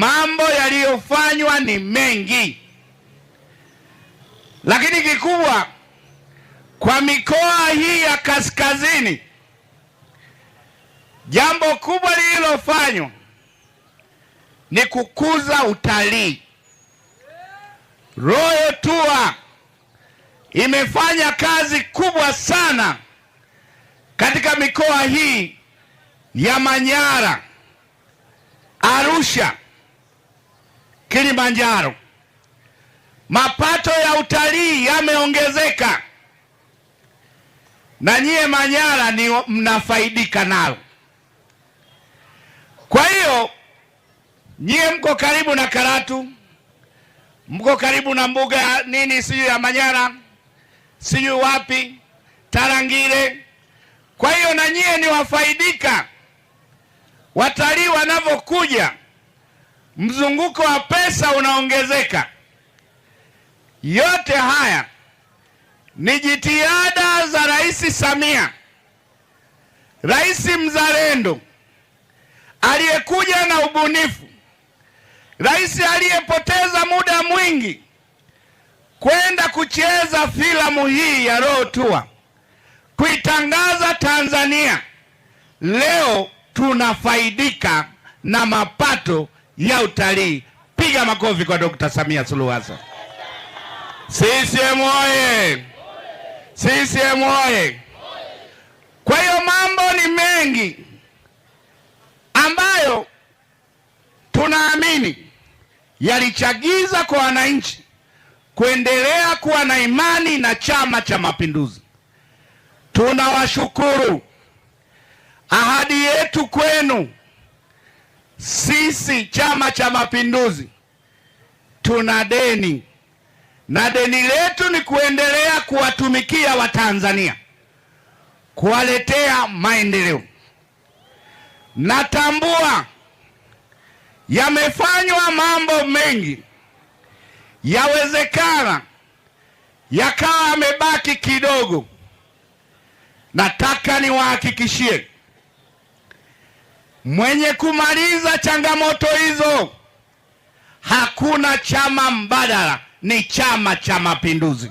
Mambo yaliyofanywa ni mengi, lakini kikubwa kwa mikoa hii ya kaskazini, jambo kubwa lililofanywa ni kukuza utalii. Royal Tour imefanya kazi kubwa sana katika mikoa hii ya Manyara, Arusha Kilimanjaro. Mapato ya utalii yameongezeka na nyie Manyara ni mnafaidika nalo. Kwa hiyo nyie mko karibu na Karatu, mko karibu na mbuga nini sijui ya Manyara sijui wapi Tarangire. Kwa hiyo na nyie ni wafaidika, watalii wanavyokuja mzunguko wa pesa unaongezeka. Yote haya ni jitihada za Rais Samia, rais mzalendo aliyekuja na ubunifu, rais aliyepoteza muda mwingi kwenda kucheza filamu hii ya Royal Tour kuitangaza Tanzania. Leo tunafaidika na mapato ya utalii. Piga makofi kwa Dr. Samia Suluhu Hassan. CCM oye! CCM oye! Kwa hiyo mambo ni mengi ambayo tunaamini yalichagiza kwa wananchi kuendelea kuwa na imani na Chama cha Mapinduzi. Tunawashukuru. Ahadi yetu kwenu sisi Chama cha Mapinduzi tuna deni na deni letu ni kuendelea kuwatumikia Watanzania, kuwaletea maendeleo. Natambua yamefanywa mambo mengi, yawezekana yakawa yamebaki kidogo. Nataka niwahakikishie mwenye kumaliza changamoto hizo. Hakuna chama mbadala, ni Chama cha Mapinduzi.